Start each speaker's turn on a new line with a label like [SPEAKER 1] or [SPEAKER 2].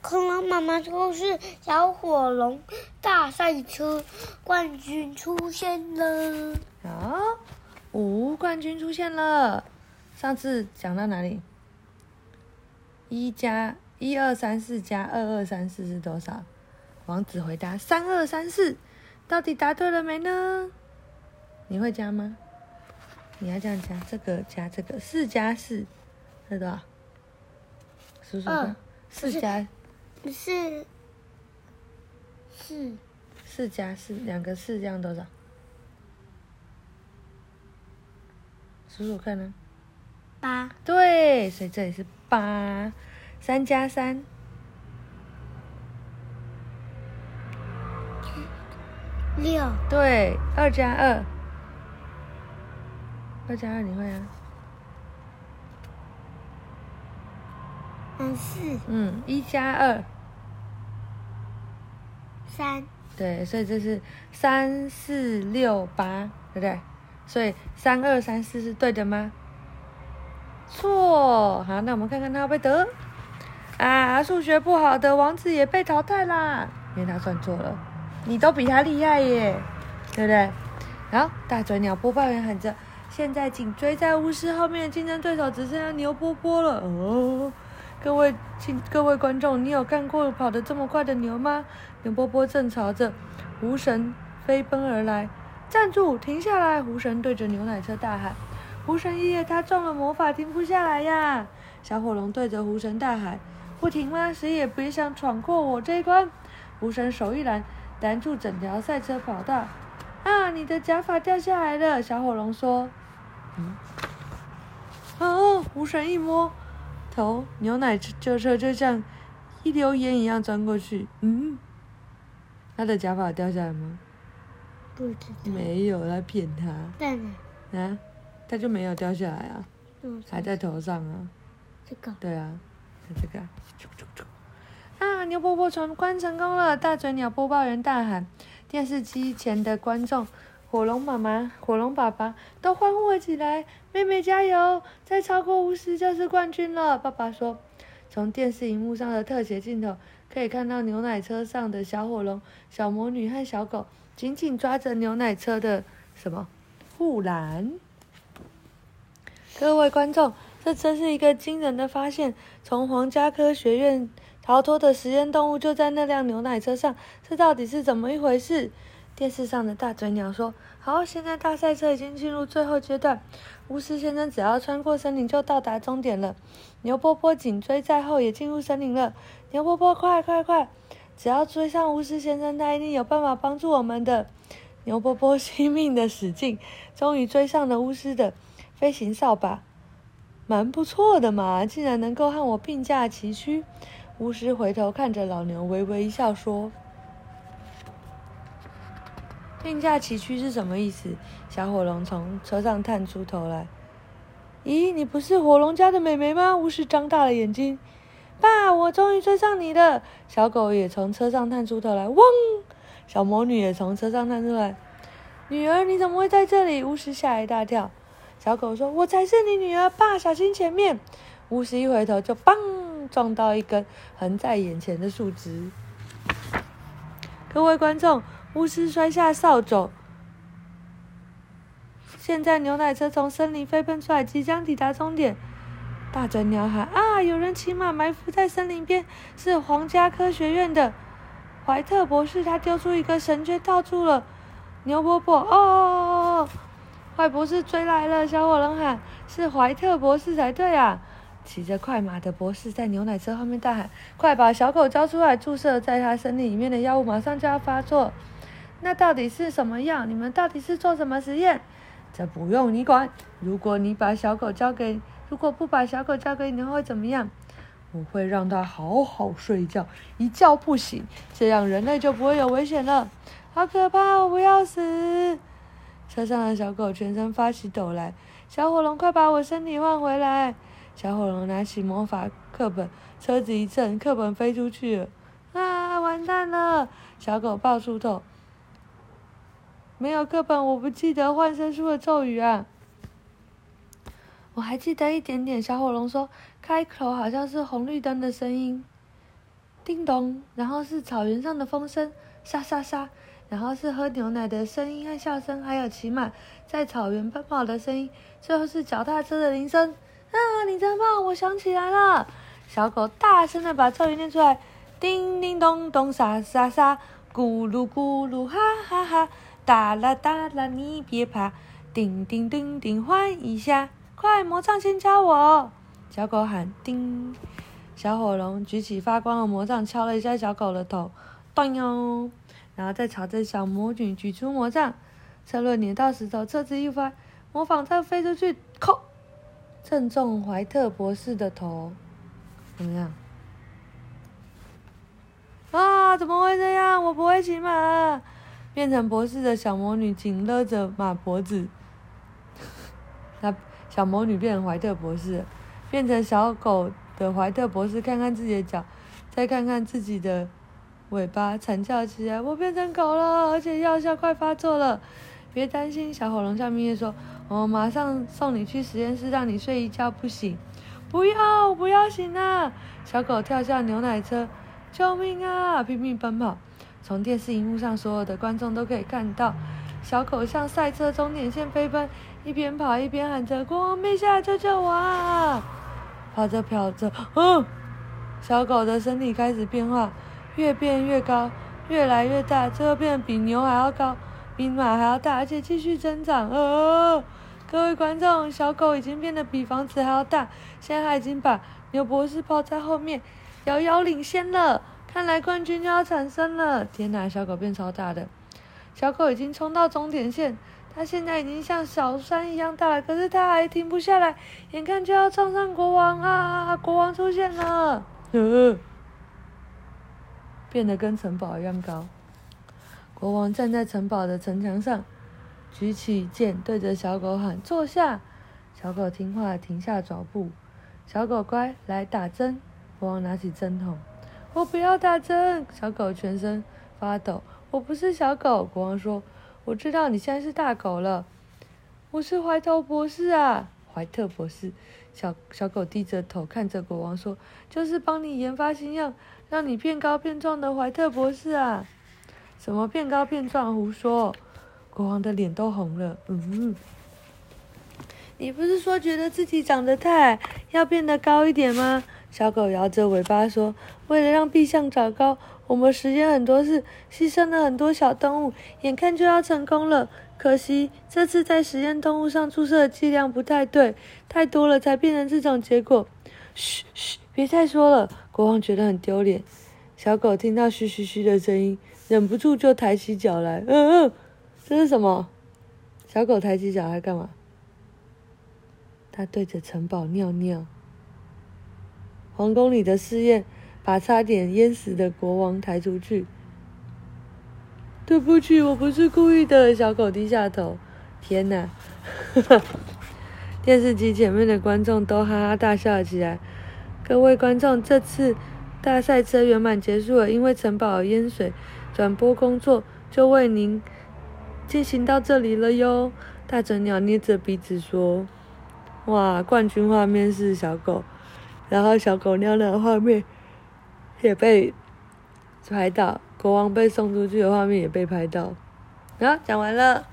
[SPEAKER 1] 恐龍媽媽說：“是小火龍大賽車冠軍出現了。哦”啊、哦，哦，冠軍出現了。上次講到哪裡？一加一二三四加二二三四是多少？王子回答：三二三四。到底答對了沒呢？你會加嗎？你要這樣加，這個加這個四加四，4 +4，是不是多少？數數看，四加。四，四，四加四，兩個四這樣多少？數數看呢、啊，八。對，所以這裡是八，三加三，六。對，二加二，二加二你會啊？三四，嗯，一加二，三，對，所以這是三四六八，對不對？所以三二三四是對的嗎？錯，好，那我們看看他會不會得啊？數學不好的王子也被淘汰啦，因為他算錯了。你都比他厲害耶，對不對？好，大嘴鳥播報員喊着：現在緊追在巫師後面的競爭對手只剩下牛波波了哦。各位親，各位觀眾，你有看過跑得這麼快的牛嗎？牛波波正朝着湖神飛奔而來，站住，停下來！湖神對着牛奶車大喊。湖神爺爺，他中了魔法，停不下來呀！小火龍對着湖神大喊，不停嗎？誰也別想闖過我這一關！湖神手一攔，攔住整條賽車跑道。啊，你的假髮掉下來了！小火龍說。嗯，哦、啊，湖神一摸。牛奶車、就是、就像一溜煙一樣鑽過去，嗯，他的假髮掉下來嗎？不知道。沒有來騙他。對啊。啊，他就沒有掉下來啊，嗯，還啊這個，還在頭上啊。這個。對啊，是這個啾啾啾。啊！牛波波闖關成功了，大嘴鳥播報員大喊，電視機前的觀眾。火龍媽媽、火龍爸爸都歡呼了起來：“妹妹加油！再超過五十就是冠軍了。”爸爸說：“從電視螢幕上的特寫鏡頭可以看到，牛奶車上的小火龍、小魔女和小狗緊緊抓着牛奶車的什麼護欄？”各位觀眾，這真是一個驚人的發現！從皇家科學院逃脫的實驗動物就在那輛牛奶車上，這到底是怎麼一回事？電視上的大嘴鳥說：“好，現在大賽車已經進入最後階段，巫師先生只要穿過森林就到達終點了。牛波波緊追在後，也進入森林了。牛波波，快快快！只要追上巫師先生，他一定有辦法幫助我們的。”牛波波拼命的使勁，終於追上了巫師的飛行掃把，蠻不錯的嘛，竟然能夠和我並駕齊驅。巫師回頭看着老牛，微微一笑說。並駕齊驅是什麼意思？小火龍從車上探出頭來。咦，你不是火龍家的妹妹嗎？巫師張大了眼睛。爸，我終於追上你了！小狗也從車上探出頭來。嗡！小魔女也從車上探出來。女兒，你怎麼會在這裡？巫師嚇一大跳。小狗說：“我才是你女兒，爸，小心前面！”巫師一回頭，就砰，撞到一根橫在眼前的樹枝。各位觀眾。巫師摔下掃帚，現在牛奶車從森林飛奔出來，即將抵達終點。大嘴鳥喊：“啊，有人騎馬埋伏在森林邊，是皇家科學院的懷特博士，他丟出一個繩圈，圈套住了牛伯伯。”哦，壞博士追來了！小火龍喊：“是懷特博士才對啊！”騎着快馬的博士在牛奶車後面大喊：“快把小狗交出來，注射在他身體裡面的藥物馬上就要發作。”那到底是什麼樣？你們到底是做什麼實驗？這不用你管。如果你把小狗交給……如果不把小狗交給你會怎麼樣？我會讓它好好睡覺，一覺不醒，這樣人類就不會有危險了。好可怕！我不要死！車上的小狗全身發起抖來。小火龍，快把我身體換回來！小火龍拿起魔法課本，車子一震，課本飛出去了。啊！完蛋了！小狗抱出頭。沒有課本，我不記得換身術的咒語啊。我還記得一點點。小火龍說：“開口好像是紅綠燈的聲音，叮咚，然後是草原上的風聲，沙沙沙，然後是喝牛奶的聲音和笑聲，還有騎馬在草原奔跑的聲音，最後是腳踏車的鈴聲。”啊，你真棒！我想起來了，小狗大聲的把咒語念出來：叮叮咚咚，沙沙沙，咕嚕，咕嚕，咕，嚕，咕，嚕咕嚕，哈哈哈。哈噠啦噠啦，你別怕！叮叮叮叮,叮，換一下，快魔杖先敲我！小狗喊叮，小火龍舉起發光的魔杖敲了一下小狗的頭，咚喲！然後再朝着小魔女舉出魔杖，車輪攆到石頭，車子一翻，魔法杖飛出去，扣！正中懷特博士的頭，怎麼樣？啊,啊！怎麼會這樣？我不會騎馬、啊。變成博士的小魔女緊勒着馬脖子，那小魔女變成懷特博士了，變成小狗的懷特博士看看自己的腳，再看看自己的尾巴，慘叫起來：“我變成狗了，而且藥效快發作了！”別擔心，小火龍下面也說：“我馬上送你去實驗室，讓你睡一覺不醒。”“不要，我不要醒啊！”小狗跳下牛奶車，“救命啊！”拼命奔跑。從電視熒幕上，所有的觀眾都可以看到，小狗向賽車終點線飛奔，一邊跑一邊喊着光：“國王陛下救救我，啊！”跑着跑着，嗯，小狗的身體開始變化，越變越高，越來越大，最後變得比牛還要高，比馬還要大，而且繼續增長。哦，各位觀眾，小狗已經變得比房子還要大，現在還已經把牛博士拋在後面，遙遙領先了。看來冠軍就要產生了！天哪，小狗變超大的！小狗已經衝到終點線，它現在已經像小山一樣大了，可是它還停不下來，眼看就要撞上國王啊！國王出現了，呵呵變得跟城堡一樣高。國王站在城堡的城牆上，舉起劍對着小狗喊：“坐下！”小狗聽話停下腳步。小狗乖，來打針。國王拿起針筒。我不要打針，小狗全身發抖。我不是小狗，國王說。我知道你現在是大狗了。我是懷特博士啊，懷特博士。小小狗低着頭看着國王說：“就是幫你研發新藥，讓你變高變壯的懷特博士啊。”什麼變高變壯？胡說！國王的臉都紅了。嗯，你不是說覺得自己長得太矮，要變得高一點嗎？小狗搖着尾巴說。為了讓陛下長高，我們實驗很多次，犧牲了很多小動物，眼看就要成功了，可惜這次在實驗動物上注射的劑量不太對，太多了，才變成這種結果。噓噓，別再說了。國王覺得很丟臉。小狗聽到噓噓噓的聲音，忍不住就抬起腳來。嗯、呃、嗯，這是什麼？小狗抬起腳來幹嘛？它對着城堡尿尿。皇宮裡的試驗。把差點淹死的國王抬出去。對不起，我不是故意的。小狗低下頭。天吶！呵呵！電視機前面的觀眾都哈哈大笑了起來。各位觀眾，這次大賽車圓滿結束了，因為城堡淹水，轉播工作就為您進行到這裡了喲。大嘴鳥捏着鼻子說：“哇，冠軍畫面是小狗，然後小狗尿尿畫面。”也被拍到，國王被送出去的畫面也被拍到。然後講完了。